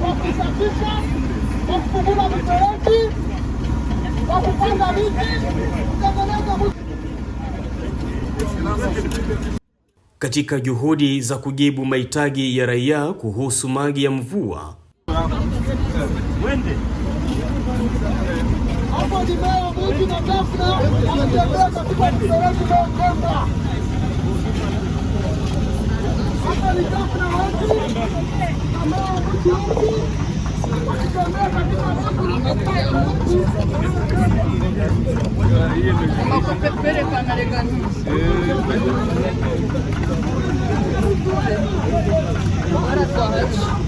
wa kusafisha, wa kufungula mifereji, wa kupanda miti, kutengeneza katika juhudi za kujibu mahitaji ya raia kuhusu maji ya mvua, não, kina Dafna anatembea katika mfereji unaokwenda hapa. Ni Dafna watu ambao mtiuti wakitembea katika makopepeleka Marekani ara kwa hachi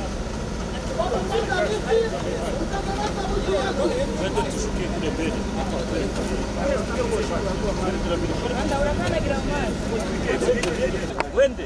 Wende. Wende.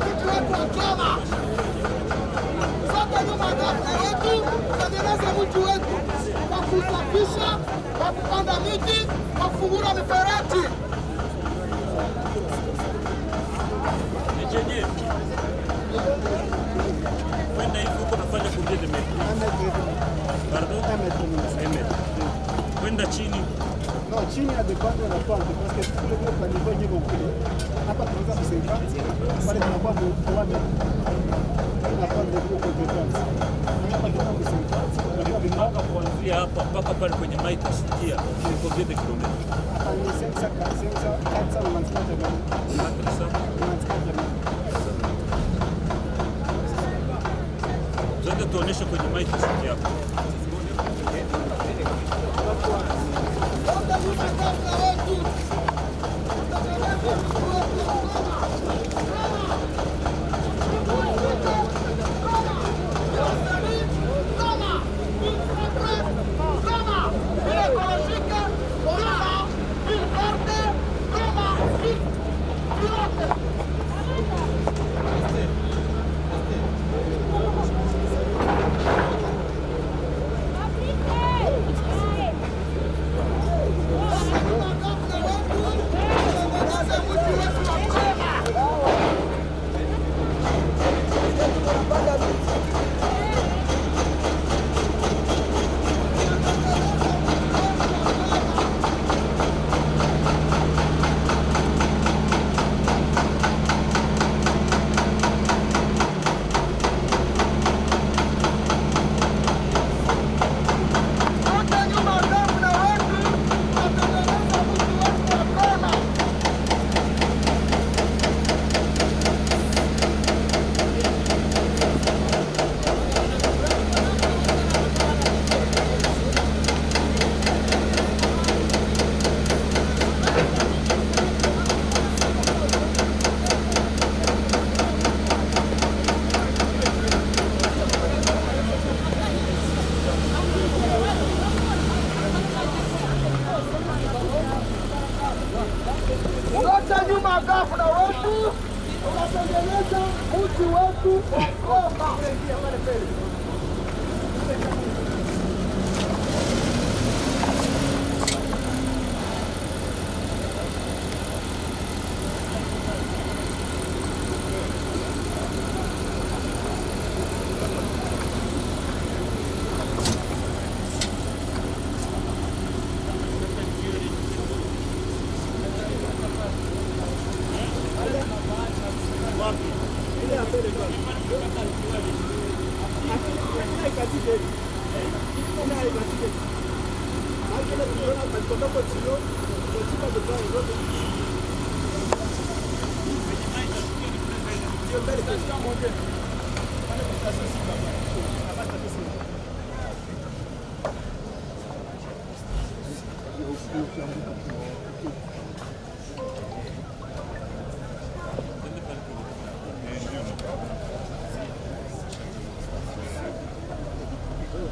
sote nyuma dafta yetu, tutengeneze mji wetu kwa kusafisha, kwa kupanda miti, kwa kufungura mifereji. Kwenda chini chini ya vipande na pande parce que kule kwa nivyo nyingi kule hapa tunaweza kusaidia pale tunakuwa kuwani na pande kwa kwa vipande hapa tunaweza kusaidia kwa vipande kuanzia hapa mpaka pale kwenye maika sikia kwa vile kilomita hapa ni sensa sensa kansa na mantikaja gani mantikaja mantikaja zote kwenye maika sikia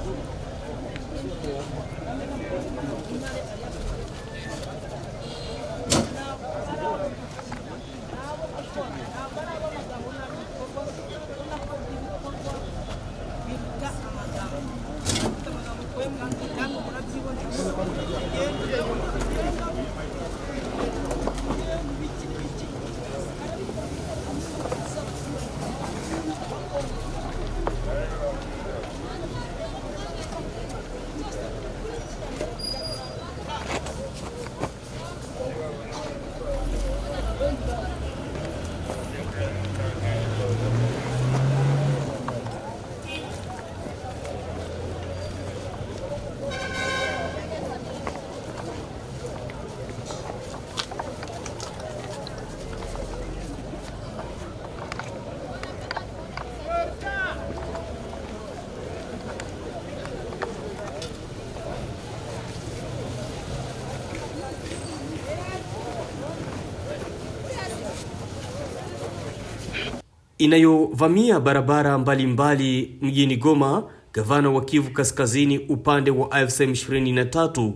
Thank you. inayovamia barabara mbalimbali mbali mjini Goma. Gavana wa Kivu Kaskazini upande wa AFC M23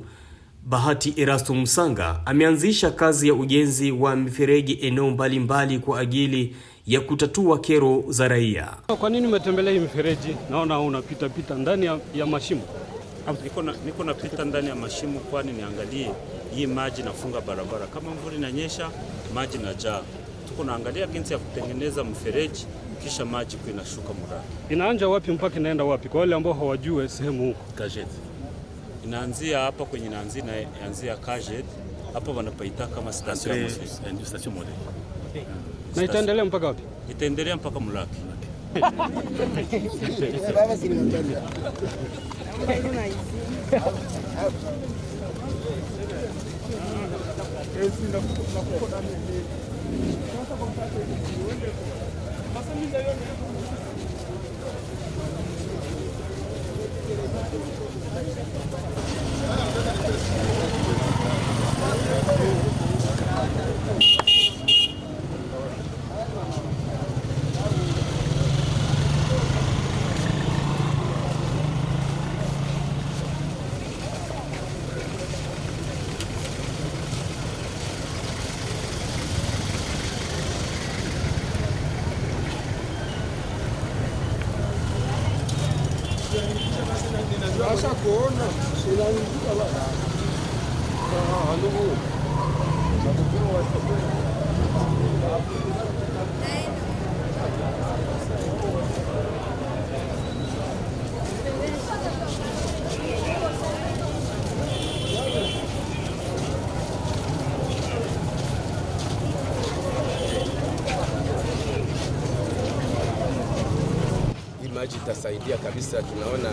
Bahati Erasto Musanga ameanzisha kazi ya ujenzi wa mifereji eneo mbalimbali kwa ajili ya kutatua kero za raia. Kwa nini umetembelea hii mifereji? Naona unapita pita ndani ya, ya mashimo. Niko na niko pita ndani ya mashimo, kwani niangalie hii maji nafunga barabara, kama mvua inanyesha maji najaa tuko naangalia jinsi ya kutengeneza mfereji kisha maji kuinashuka Murang'a. Inaanza wapi mpaka inaenda wapi? Kwa wale ambao hawajue sehemu huko. Kajet. Inaanzia hapa kwenye na inaanzia Kajet. Hapa wanapaita kama station ya station moja. Na itaendelea mpaka wapi? Itaendelea mpaka Mulaki. Baba, si esse na k u k a n a t i n Thank you. Maji itasaidia kabisa, tunaona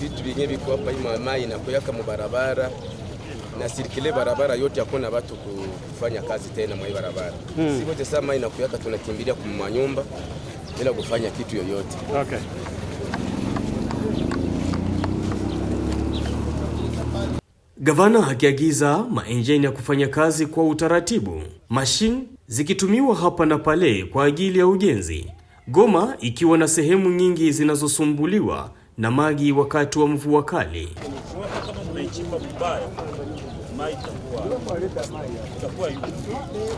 vitu vyenye viko hapa, imamai inakoyaka mubarabara na sirikile barabara yote, hakuna watu kufanya kazi tena mwa barabara hmm. Sikote saa mai inakoyaka, tunakimbilia kumanyumba bila kufanya kitu yoyote okay. Gavana akiagiza maenjini ya kufanya kazi kwa utaratibu, mashine zikitumiwa hapa na pale kwa ajili ya ujenzi, Goma ikiwa na sehemu nyingi zinazosumbuliwa na magi wakati wa mvua kali.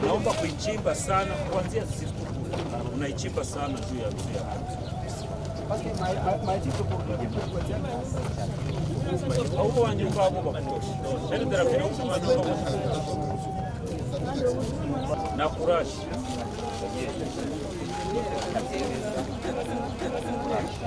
Naomba kuichimba sana kuanzia siku unaichimba sana juu ya yaani na kurashi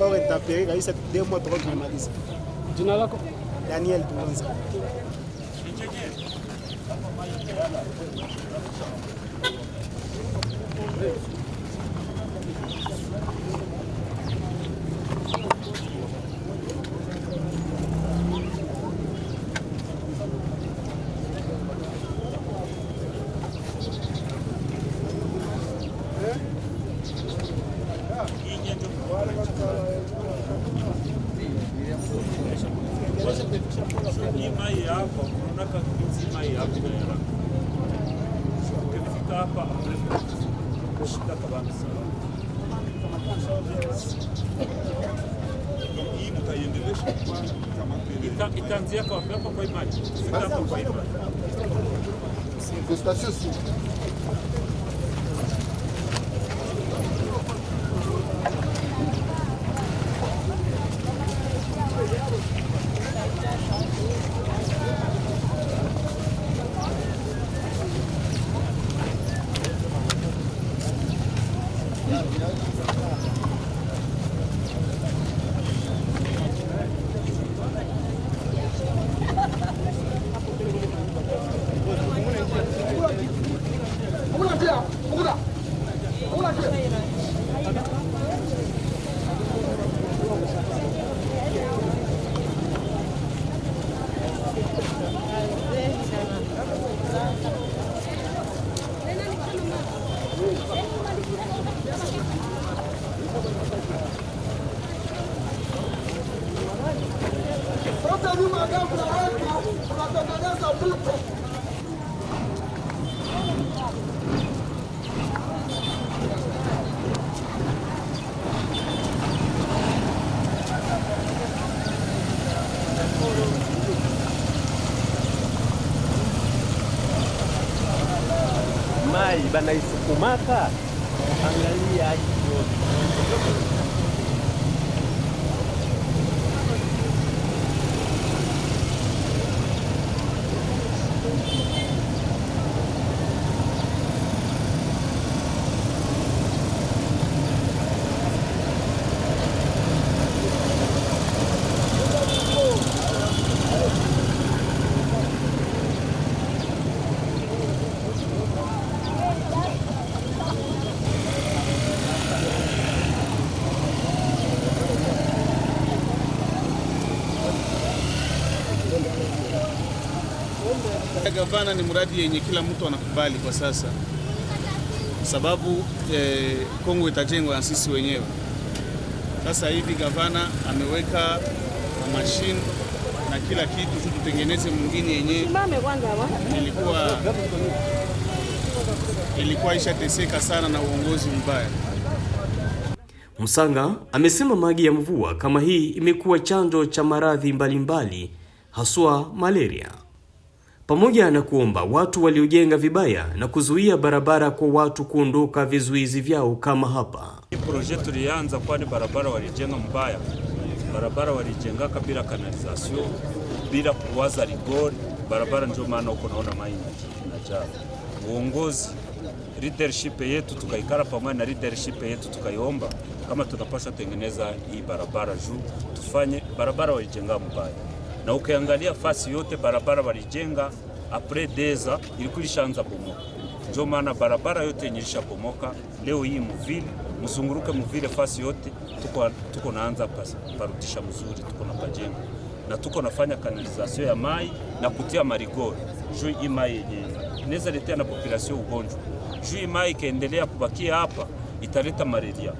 Or intapere kabisa demo tuko tunamaliza. Jina lako? Daniel Tuanza. Está-se assim. banaisukumaka gavana ni mradi yenye kila mtu anakubali kwa sasa, sababu eh, Kongo itajengwa na sisi wenyewe. Sasa hivi gavana ameweka mashine na kila kitu tu, tutengeneze mwingine yenyewe. Ilikuwa ilikuwa ishateseka sana na uongozi mbaya. Msanga amesema maji ya mvua kama hii imekuwa chanzo cha maradhi mbalimbali haswa malaria. Pamoja na kuomba watu waliojenga vibaya na kuzuia barabara kwa watu kuondoka vizuizi vyao, kama hapa. Hii proje tulianza kwani barabara walijenga mbaya, barabara walijengaka bila kanalizasyon, bila kuwaza rigori barabara, ndio maana uko naona maji inajaa. Uongozi leadership yetu tukaikara pamoja na leadership yetu tukaiomba kama tunapaswa tengeneza hii barabara juu tufanye barabara walijenga mbaya na ukiangalia fasi yote barabara walijenga apre deza ilikuwa ilishaanza bomoka, ndio maana barabara yote yenye ilishabomoka leo hii muvile muzunguruke muvile fasi yote tuko, tuko naanza parudisha mzuri, tuko na pajenga na tuko nafanya kanalizasio ya mai na kutia marigori juu hii mai yenye inaweza letea na population ugonjwa juu hii mai ikaendelea kubakia hapa italeta malaria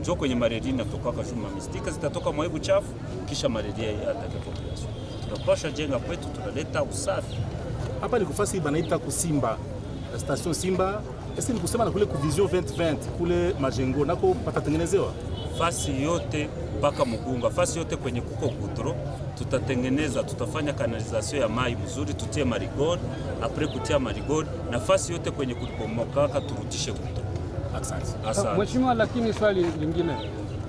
njo kwenye malaria inatokaka juu mamistika zitatoka mwaibu chafu kisha malaria atake population tunaposha jenga kwetu, tunaleta usafi hapa. Ni kufasi banaita kusimba eh, station Simba, esi ni kusema na kule kuvision 2020 kule majengo nako patatengenezewa fasi yote mpaka Mugunga, fasi yote kwenye kuko gudro tutatengeneza, tutafanya kanalizasio ya mai mzuri, tutie marigold apre kutia marigold, na fasi yote kwenye kulipomokaka turutishe gudro. mheshimiwa. Lakini swali lingine,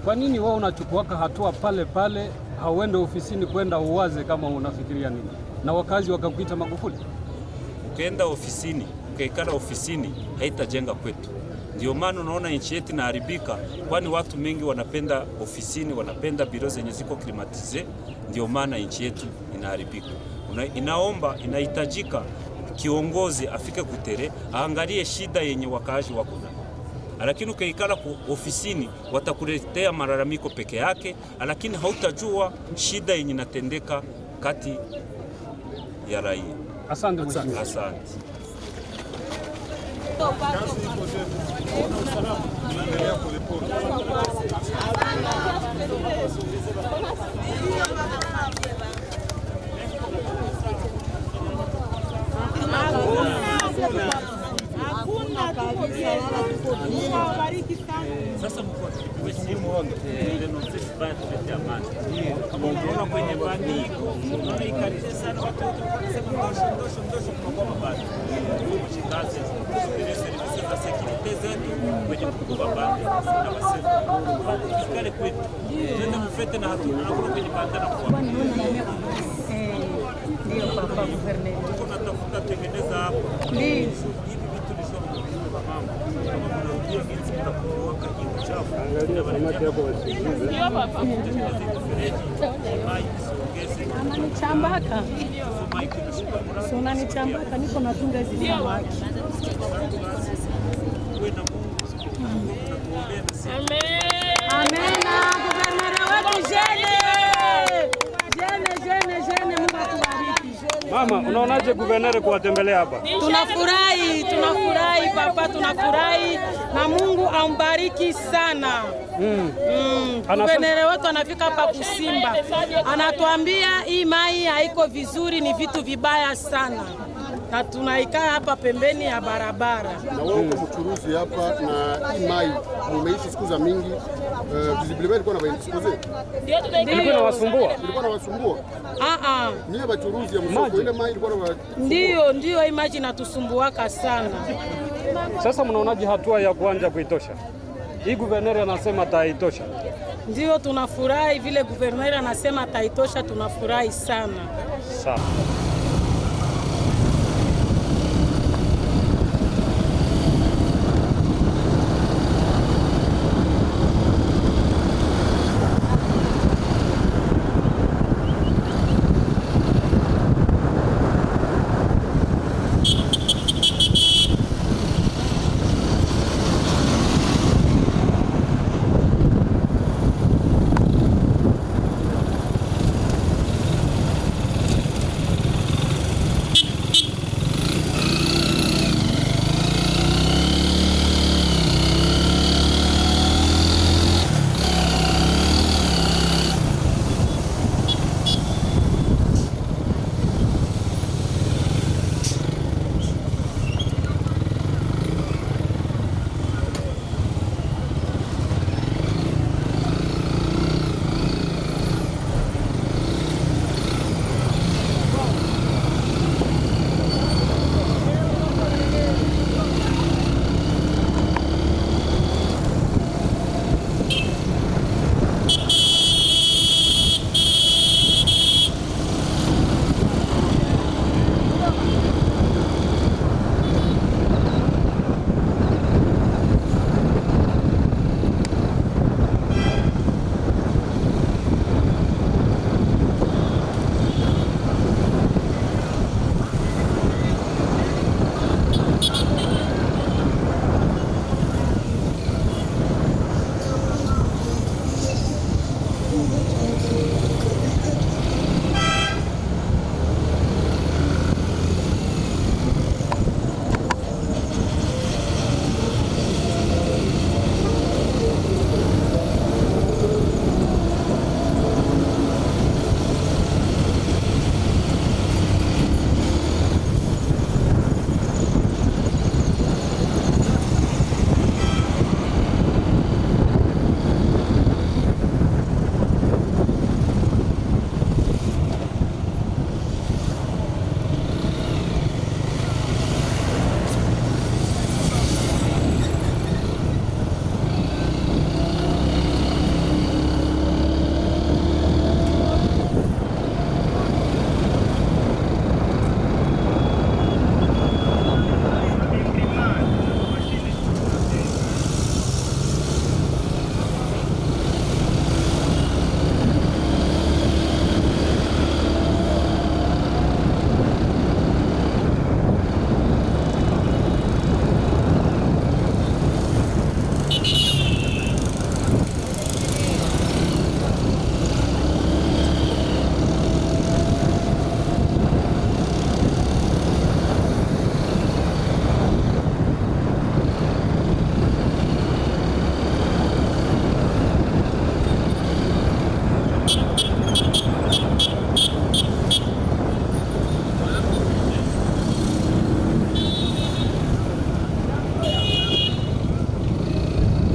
kwa nini wao unachukuaka hatua pale pale hauende ofisini kwenda uwaze kama unafikiria nini, na wakazi wakakuita Magufuli. Ukienda ofisini ukaikala ofisini haitajenga kwetu. Ndio maana unaona nchi yetu inaharibika, kwani watu mengi wanapenda ofisini, wanapenda biro zenye ziko klimatize. Ndio maana nchi yetu inaharibika. Una, inaomba inahitajika kiongozi afike kutere aangalie shida yenye wakaaji wako nayo lakini ukaikala ofisini watakuletea malalamiko peke yake, lakini hautajua shida yenye inatendeka kati ya raia. Asante Asante. Hakuna Sasa mko kipigwa simu, tunasikia amani. Unaona kwenye bani, unaona ikaribia sana watoto wanasema ndosho ndosho ndosho kwa kwa baba. Mshikaze zile za security zetu kwenye kwa baba. Na wasema kale kwetu. Tenda mfete na hatuna hapo kwenye banda na kwa. Eh, ndio tengeneza hapo. Ndio. kusaidia vitu na kuuoka hii uchafu na wanajamii kutengeneza mifereji maji isiongeze. Unanichambaka, unanichambaka, niko natunga hizi samaki. Amen. Mama, unaonaje guvernere kuwatembelea hapa? Tunafurahi, tunafurahi papa, tunafurahi na Mungu ambariki sana. Mm. Mm. wetu anafika hapa Kusimba, anatuambia hii mai haiko vizuri, ni vitu vibaya sana na tunaikaa hapa pembeni ya barabara. Na wewe uko mchuruzi hapa na imai mumeishi siku za mingi uh, visibility ilikuwa na baindispose ilikuwa na wasumbua ilikuwa na wasumbua ah ah, nie bachuruzi ya msoko ile mai ilikuwa na ndio ndio imaji natusumbuaka sana. Sasa mnaonaje hatua ya kuanja kuitosha hii? Guverneri anasema taitosha ndio tunafurahi vile guverneri anasema taitosha, tunafurahi sana. Sawa.